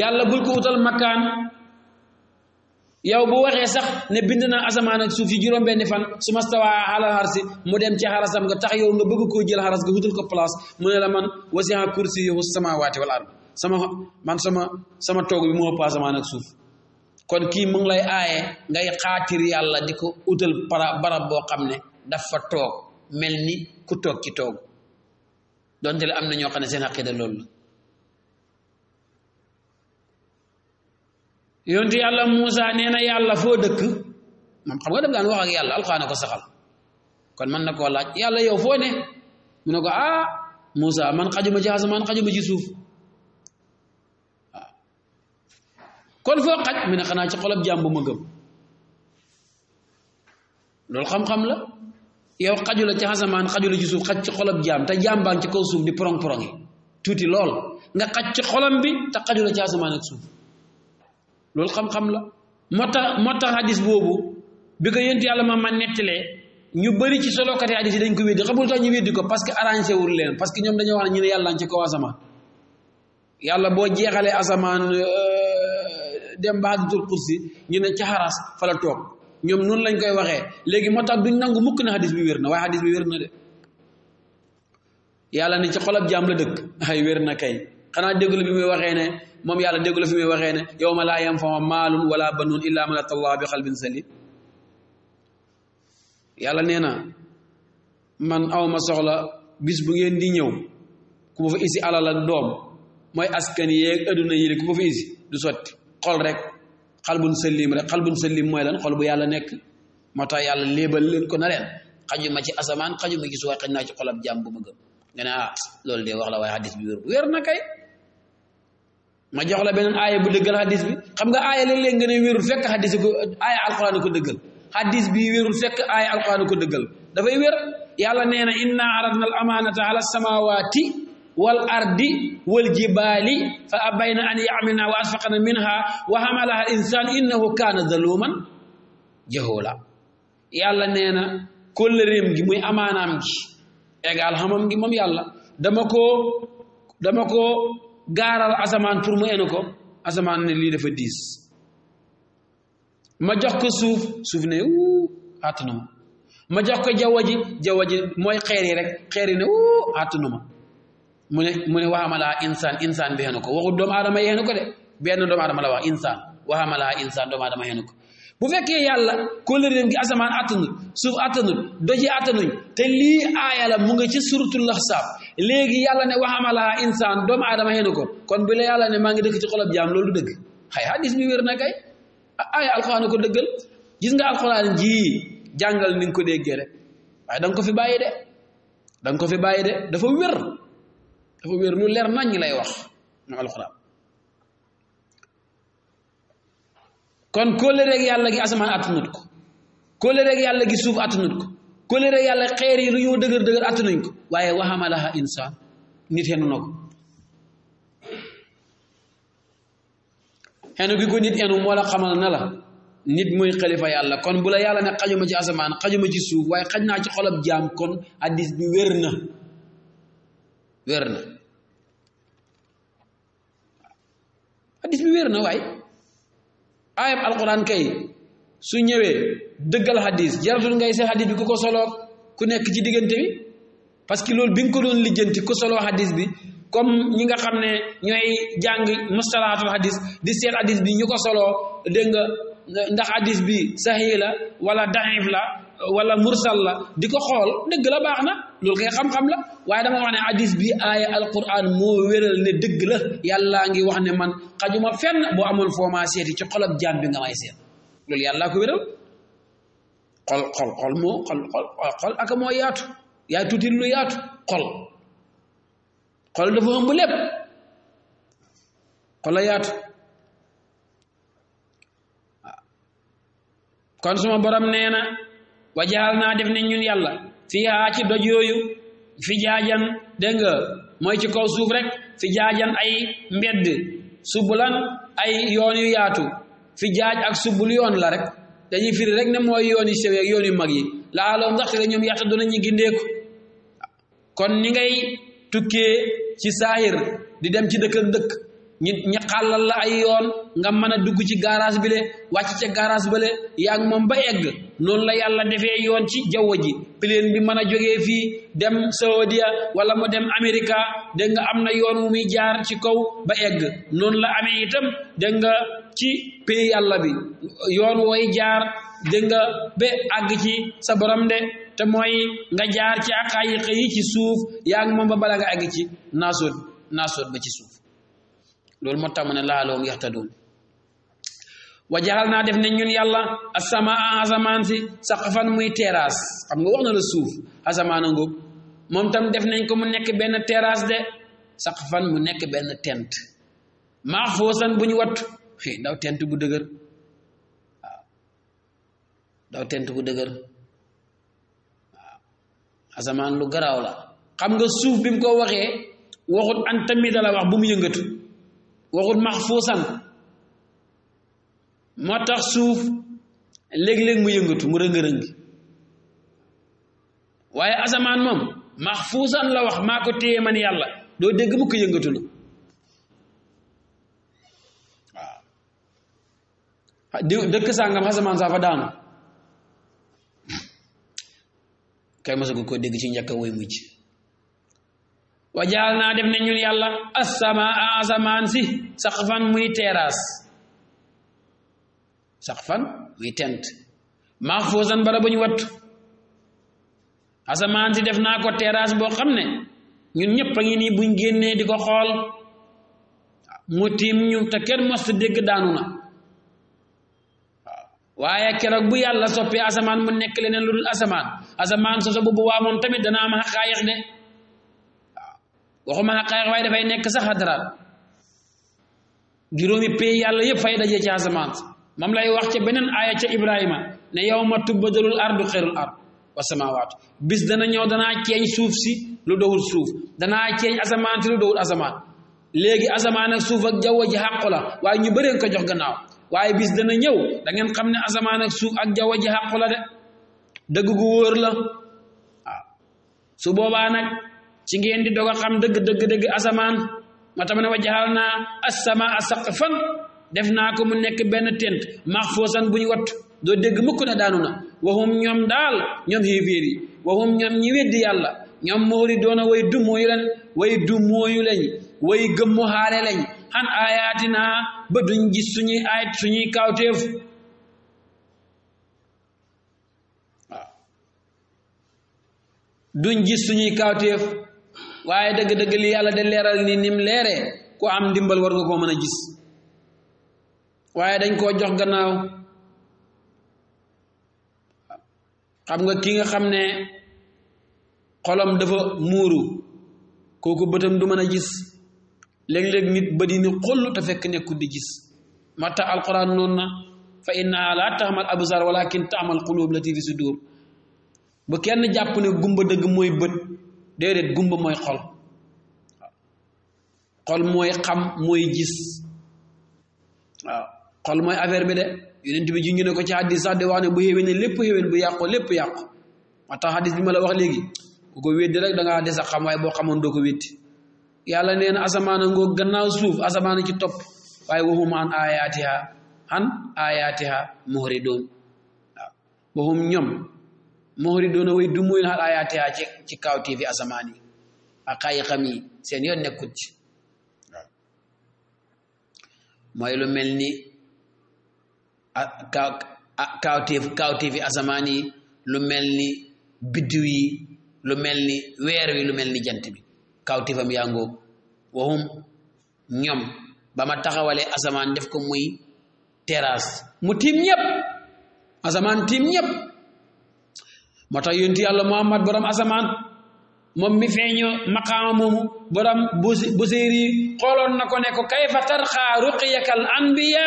yàlla bul ko utal makkaan yow bu waxee sax ne bind naa asamaan ak suuf yi juróom-benni fan su ma stawaa alal arsi mu dem ci xarasam nga tax yow nga bëgg koo jël xaras nga wutal ko place mu ne la man wasi'a kursiyyuhu samaawaati wal ard sama man sama sama toog bi moo asamaan ak suuf kon kii mu ngi lay aaye ngay xaatir yàlla di ko utal para barab boo xam ne dafa toog mel ni ku toog ci toog donte le am na ñoo xam ne seen xaqida loolu yonti yalla Musa, neena yalla fo dekk man xam nga dem gan wax ak yalla alxuraan ko saxal kon man nako laaj yalla yow fo ne ah Musa, man xajuma ci asman xajuma ci suuf kon fo xaj mu ne xanaa ci xolam jambu ma gem lol xam-xam la yow xajula ci asamaan xajula ci suuf xaj ci xolam jam ta jambang ci ko suuf di porong porong tuti lol nga xaj ci xolam bi te xajula ci asman ak suuf. loolu xam-xam la moo tax moo tax hadis boobu bi ko yéntu yàlla ma man nettalee ñu bari ci solo solokati hadis yi dañ ko weddi xamul tax ñu weddi ko parce que arrangé wul leen parce que ñoom dañoo wax ne ñu ne boo jeexalee asamaan euh, dem ba hadisul kursi ñu ne ca xaras fa ñoom noonu lañ koy waxee léegi moo tax duñ nangu mukk na hadis bi wér na waaye hadis bi wér na de yàlla ni ci xolab jaam la dëkk ay wér na kay xanaa déglu bi muy waxee ne mom yàlla dégg fi muy waxe ne yawma la laa malun wala banun illa man atallaa bi qalbin salim yàlla neena man awma soxla bis bu ngeen di ñëw ku fa isi ala la dom moy askan yeeg aduna yi ku fa isi du soti xol rek qalbun salim rek qalbun salim moy lan xol bu yàlla nek mata yàlla lebal leen ko na xaju ma ci asaman xaju ma ci suwa xina ci xolab jàmm bu ma gëm nga ah loolu de wax la way hadith bi wér wér na kay ma jox la beneen aaya bu dëggal xadis bi xam nga aaya léeg-léeg nga ne wérul fekk xadis ko aaya alquran ko dëggal xadis bi wérul fekk aaya alquran ko dëggal dafay wér yàlla nee na inna aradna al amanata ala samawati wal ardi wal jibaali fa abayna an yamilna wa asfaqna minha wa hamalaha al insan innahu kaana zaluman jahula yàlla nee na kóllëreem gi muy amaanaam gi égal xamam gi moom yàlla dama ko dama ko gaaral asamaan pour mu enu ko asamaan ne lii dafa diis ma jox ko suuf suuf ne wuu àttanu ma ma jox ko jaww ji jaww ji mooy xeer yi rek xeer yi ne wuu àttanu ma mu ne mu ne waxamalaa insaan insaan bi xenu ko waxul doomu aadama yi xenu ko de benn doomu aadama la wax insaan waxamalaa insaan doomu aadama xenu ko bu fekkee yàlla kóllëreem gi asamaan attanut suuf attanut doji attanuñ te lii aaya la mu nga ci suratul ahsaab léegi yàlla ne waxamalaa insaan doomu aadama xeenu ko kon bi la yàlla ne maa ngi dëkk ci xolob jaam loolu du dëgg xay hadis bi wér na kay aaya alxuraan ko dëggal gis nga alxuraan ji jàngal ni ko déggee rek waaye da ko fi bàyyi de da ko fi bàyyi de dafa wér dafa wér lu leer nañ lay wax ñu alxuraan kon kóllëre yàlla gi asamaan attanut ko kóllëre yàlla gi suuf attanut ko kóllëre yàlla xeer yi lu dëgër dëgër attanuñ ko waaye waxamalaha insaan nit xenu na ko xenu gi ko nit xenu moo la xamal nit mooy xalifa yàlla kon bula la yàlla ne xajuma ci asamaan xajuma ci suuf waaye xaj naa ci xolab jaam kon hadiis bi wér na wér na hadiis bi wér na waaye ayam alquran kay su ñëwee dëggal xadis jaratul ngay seet xadis bi ku ko soloo ku nekk ci diggante bi parce que loolu bi nga ko doon lijjanti ku soloo xadis bi comme ñi nga xam ne ñooy jàng mustalaatul xadis di seet xadis bi ñu ko soloo dégg nga ndax xadis bi saxiix la wala daif la wala mursal la di xool dëgg la baax na loolu kay xam-xam la waaye dama wax ne hadis bi aaya alquran moo wéral ne dëgg la yàllaa ngi wax ne man xajuma fen boo amoon foo maa seeti ci xolab jaam bi nga may seet ko wéral xol xol xol moo xol xol yaatu lu yaatu xol xol dafa ëmb lépp xol la kon suma borom nee wajaal naa def ne ñun yàlla fi haa ci doj yooyu fi jaajan dégg nga mooy ci kaw suuf rek fi jaajan ay mbedd subulan ay yoon yu yaatu fi jaaj ak subul yoon la rek dañuy firi rek ne mooy yoon yu sew yoon yu mag yi laaloo ndax la ñoom yaata doon nañu kon ni ngay tukkee ci saahir di dem ci dëkk dëkk nit ñi xalal la ay yoon nga mën a dugg ci garage bi le wàcc ca garage ba le yaa moom ba egg noonu la yàlla defee yoon ci jaww ji bi mën a jógee dem Saudia ya, wala mu dem Amerika dégg nga am na yoon wu muy jaar ci kaw ba egg noonu la amee itam dégg nga ci pays yàlla bi yoon wooy jaar dégg nga ba àgg ci sa borom de te mooy nga jaar ci ak yi ci suuf yaa ngi moom ba bala nga àgg ci ba ci suuf loolu moo tax mu ne laaloom yaxtadoon wa jaxal naa def ne ñun yàlla asamaa asamaan si saqafan muy teraas xam nga wax na la suuf asamaan a ngóob moom tam def nañ ko mu nekk benn terrasse de fan mu nekk benn tent maxfuusan bu ñu wat xëy daw tent bu dëgër waaw daw tent bu dëgër waaw asamaan lu garaaw la xam nga suuf bi mu ko waxee waxut an tamit la wax bu mu yëngatu waxut maxfuusan moo tax suuf léeg-léeg mu yëngatu mu rëng-rëngi waaye asamaan moom maxfuusan la wax maako ko téye yàlla doo dégg mu ko yëngatu na waaw di dëkk sàngam samaan saa fa daanu kay mosagu ko dégg ci njëkk way mujj wajaal naa def ne ñun yàlla asamaan si saxfan muy terrasse saxfan muy tent mahfuusan bara bu ñu wattu asamaan si def naa ko teraas boo xam ne ñun ñëpp a ngi nii buñ génnee di ko xool mu tiim ñu te kenn mos dégg daanu na waaye keroog bu yàlla soppi asamaan mu nekk leneen lu dul asamaan asamaan soso bu waa tamit dana am xaqaayiq de waxuma xaqaayiq waaye dafay nekk sax xadaraat juróomi pay yàlla yëpp fay dajee ci asamaan moom lay wax ca beneen aaya ca Ibrahima ne yow ma tubbadalul ardu xeyrul ard wa samawaatu bis dana ñëw danaa ceeñ suuf si lu dowul suuf danaa ceeñ asamaan si lu dowul asamaan léegi asamaan ak suuf ak jaww ji xàqu la waaye ñu bëreen ko jox gannaaw waaye bis dana ñëw dangeen xam ne asamaan ak suuf ak jaww ji xàqu de dëgg gu wóor la waaw ci ngeen di doog xam dëgg dëgg asamaan moo tax ma ne wa jaxal naa assamaa saqfan def naa ko mu nekk benn tent maxfuusan bu ñu wat doo dégg mukk ne daanu na waxum ñoom daal ñoom xiifiir waxum ñoom ñi weddi yàlla ñoom moori doona way dummóoyu lañ way dummóoyu way gëmmu xaale lañ xan aayaatina ba duñ gis suñuy aayat suñuy kawteef duñ gis suñuy kawteef waye deug deug li yalla de leral ni nim lere ku am dimbal war nga manajis. meuna gis waye dañ ko jox gannaaw xam nga ki nga xamne ne xolam dafa muru koku bëtam du meuna gis leg leg nit ba di ni xoll ta fek nekkul di gis mata alquran nonna fa inna la taxmal abzar walakin ta'mal qulub lati fi sudur bu kenn japp ne gumba deug moy beut déedéet gumba mooy xol xool xol mooy xam mooy gis waaw mooy affaire bi de yonent bi junj ne ko ci hadis sax di wax ne bu xéwéne lépp xéwén bu yàqu lépp yàqu moo tax hadis bi ma la wax léegi ku ko weddi rek da ngaa a xam waaye boo xamoon doo ko weddi yàlla nee na asamaana ngoo gannaaw suuf asamaana ci topp waaye waxum an ayaatiha an ayaatiha muhridoon waaw waxum ñoom moxori doona way du muyin ci ci kawtéefi asamaan yi ak xayiqam yoon nekkut ci lu mel ni kaw kawtéef kawtéefi asamaan yi lu mel ni biddiw yi lu mel ni weer wi lu mel ni jant bi kawtéefam yaa ngoog waxum ñoom bama taxawale taxawalee asamaan def ko muy terrasse mu tiim ñëpp asamaan tiim ñëpp Mata yonti yalla muhammad borom asaman mom mi feñu maqamum moomu borom buséeri yi xooloon ne ko kayfa al anbiya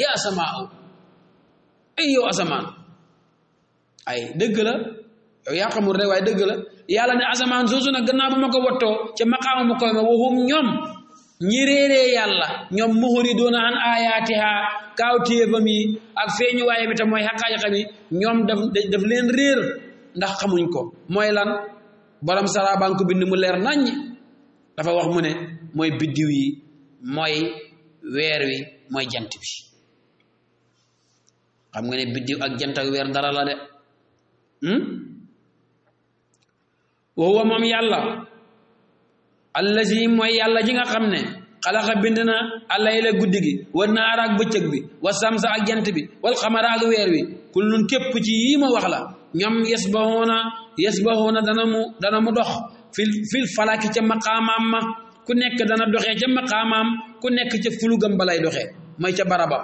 ya samau ay asaman ay deug la yow yaa xamul rek waaye deug la yalla ne asaman zuzu na gannaaw bu nyom wotto ci maqamum ko ma wuhum ñom ñi yalla ñom an ayatiha kaawtéefam yi ak feñu waye bi ta moy xaqaaji xam daf daf leen ndax xamuñ ko mooy lan borom saraabaanku bind mu leer nañ dafa wax mu ne mooy biddiw yi mooy weer wi mooy jant bi xam nga ne biddiw ak jant ak weer dara la de hmm? wa huwa moom yàlla allazi mooy yàlla ji nga xam ne xalaqa bind na alayla guddi gi war naara ak bëccëg bi wa samsa ak jant bi wal xamara ak weer wi kullun képp ci yii ma wax la ba yasbahuuna yasbahuuna dana mu dana mu dox fil fil falaki ca maqaamaam ma ku nekk dana doxee ca maqaamaam ku nekk ca fulugam balay doxee mooy ca barabam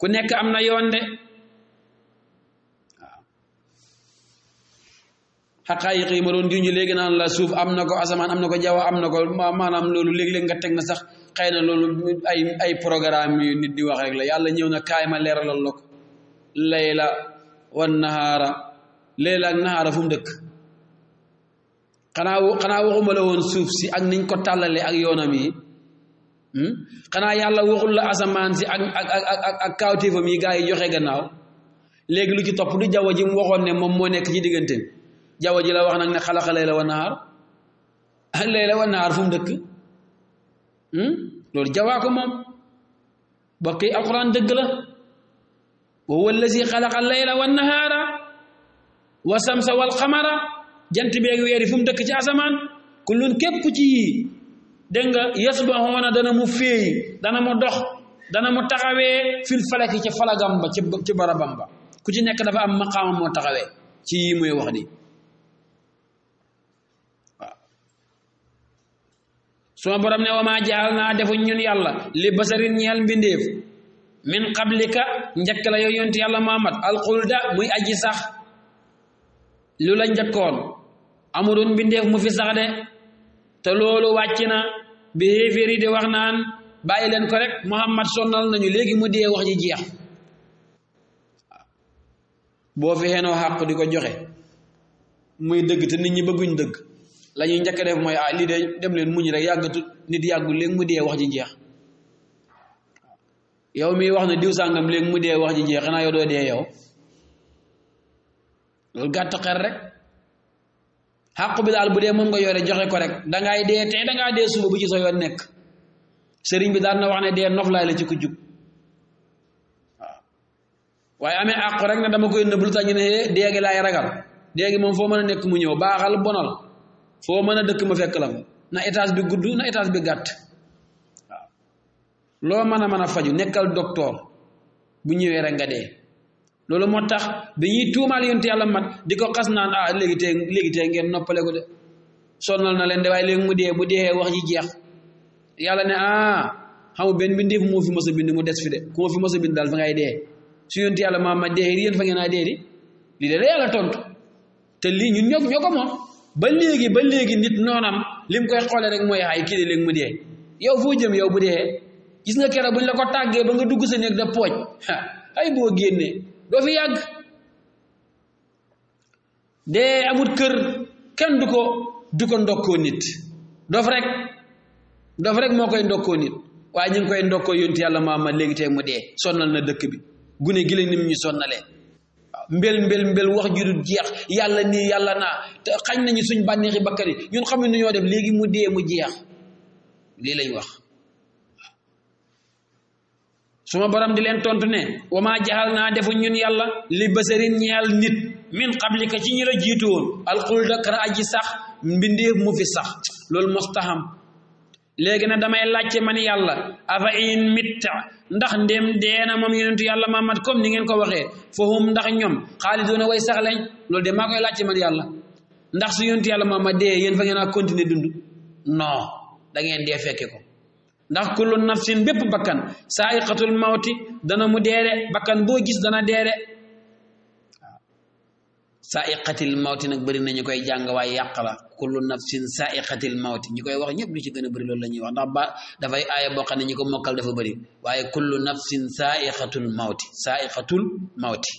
ku nekk am na yoon de xaqaayiq ma doon junj léegi naan la suuf am na ko asamaan am na ko am na ko maanaam loolu léeg nga teg na sax xëy na loolu ay ay programme yu di wax rek la yàlla ñëw na kaay ma leeralal la ko layla wan nahaara layla ak fu mu dëkk xanaa xanaa waxuma la woon suuf si ak niñ ko tàllale ak yoonam yi hmm? xanaa yàlla waxul la asamaan si ak ak ak ak yi gaa yi joxe gannaaw léegi lu ci topp du jaw ji mu waxoon ne moom moo nekk ci diggante jaww ji la wax nag ne xalaqa layla wa nahaar layla wa nahaar fu mu dëkk loolu jawaa ko moom bokk yi alquran dëgg la wa huwa allazi xalaqa layla wa nahaara wa samsa wal xamara jant beeg weeri fu mu dëkk ci asamaan kullun képp ci yii dégg nga yasbahoona dana mu féey dana mu dox dana mu taxawee fil falaki ci falagam ba ci barabam ba ku ci nekk dafa am maqaama moo taxawee ci yii muy wax ni suma borom ne wama jaalna defu ñun yalla li basarin ñal mbindeef min qablika njëkk la yow yalla muhammad al qulda muy aji sax lu la njëkkoon amurun Bindev mu fi sax de te lolu waccina bi heferi wax naan bayi len ko rek muhammad sonnal nañu legi mu dee wax ji jeex bo fi heno haq diko joxe muy deug te nit ñi bëgguñ deug lañuy ñuy njëkk def mooy ah lii de dem leen muñ rek yàggatut nit yàggul leen mu dee wax ji jeex yow mi wax na diw sàngam léegi mu dee wax ji jeex xanaa yow dee yow loolu gàtt xel rek xàqu bi daal bu dee moom nga yore joxe ko rek dangaay dee tey dangaa bu ci sa yoon nekk sëriñ bi daal na wax ne dee noflaay la ci ku jub waaw waaye amee àqu rek ne dama koy nëblu tax ñu ne eh, déegi laay ragal déegi moom foo mën a nekk mu ñëw baaxal bonal foo mën a dëkk ma fekk la fa na étage bi gudd na étage bi gàtt waaw mën a mën a faju nekkal docteur bu ñëwee rek nga loolu moo tax bi ñuy tuumaal yonent yàlla mat di ko xas naan ah léegi tey léegi ngeen noppale de sonnal na leen de waaye léegi mu dee bu dee wax ji jeex yàlla ne ah xamu benn bindéef mu fi mos bind mu des fi de ku ma fi mos bind daal fa ngay dee su yonent yàlla ma ma dee yéen fa ngeen a dee di lii de la yàlla tontu te lii ñun ñoo ñoo ko moom ba léegi ba léegi nit noonam lim mu koy xoolee rek mooy ay kii léegi mu dee yow foo jëm yow bu dee gis nga keroog buñ la ko tàggee ba nga dugg sa néeg da pooj ay boo génnee doo fi yàgg dee amut kër kenn du ko du ko ndokkoo nit dof rek dof rek moo koy ndokkoo nit waaye ñu ngi koy ndokkoo yonti yàlla Muhammad léegi tey mu dee sonnal na dëkk bi gune gi leen ni mu ñu sonnalee mbel mbel mbel wax ju dul jeex yàlla nii yàlla naa te xañ nañu suñ bànneexi bakkan yi ñun xam nu ñoo def léegi mu dee mu jeex lii lañ wax suma borom di leen tontu ne wa maa jaxal naa defu ñun yàlla li basarin ñeel nit min qablika ci ñi a jiitu woon alxulda kara aji sax mbindeef mu fi sax loolu mostaxam léegi nag damay laajte man yàlla afa in mitta ndax ndem deena moom yonentu yàlla mat comme ni ngeen ko waxee fahum ndax ñoom xaalidoona way sax lañ loolu de maa koy laajte man yàlla ndax su yonentu yàlla ma dee yéen fa ngeen a continuer dund noo da ngeen dee fekke ko ndax kullu nafsin bépp bakkan saa'iqatul mawti dana mu deere bakkan boo gis dana deere waaw saa'iqatil mawti nag bëri nañu koy jàng waaye yàq la kullu nafsin saaiqatil mawti ñi koy wax ñëpp lu ci gën a bëri loolu la ñuy wax ndax ba dafay aaya boo xam ne ñi ko mokkal dafa bëri waaye kullu nafsin saaiqatul mawti saaiqatul mawti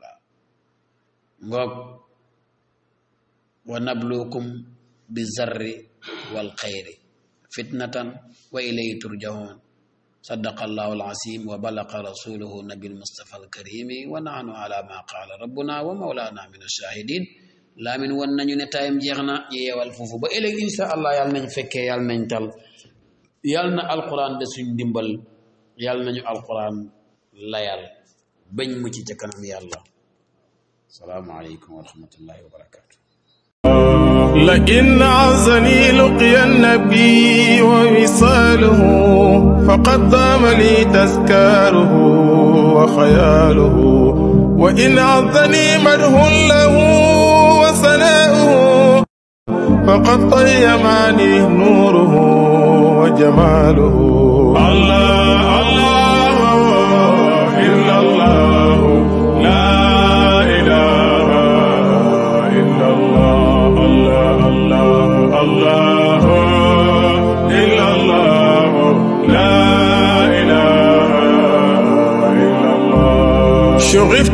waaw ngoog wa nabluukum bi zarri wal xayri fitnatan wa ilayhi turjaun صدق الله العظيم وبلغ رسوله نبي المصطفى الكريم ونحن على ما قال ربنا ومولانا من الشاهدين laamin won nañu ne tayam jeex na yeewal foofu ba ëllëg insha allah nañ fekkee yàlla nañ tal yàlla na alquran de suñ dimbal yàlla nañu alquran layal bañ mu ci ca kanam yàlla salaamualeykum wa rahmatullahi wa barakatuh لئن عزني لقي النبي ووصاله فقد دام لي تذكاره وخياله وإن عذني مره له فقد طيبني نوره وجماله الله الله إلا الله لا إله إلا الله الله الله الله إلا الله لا إله إلا الله شغفت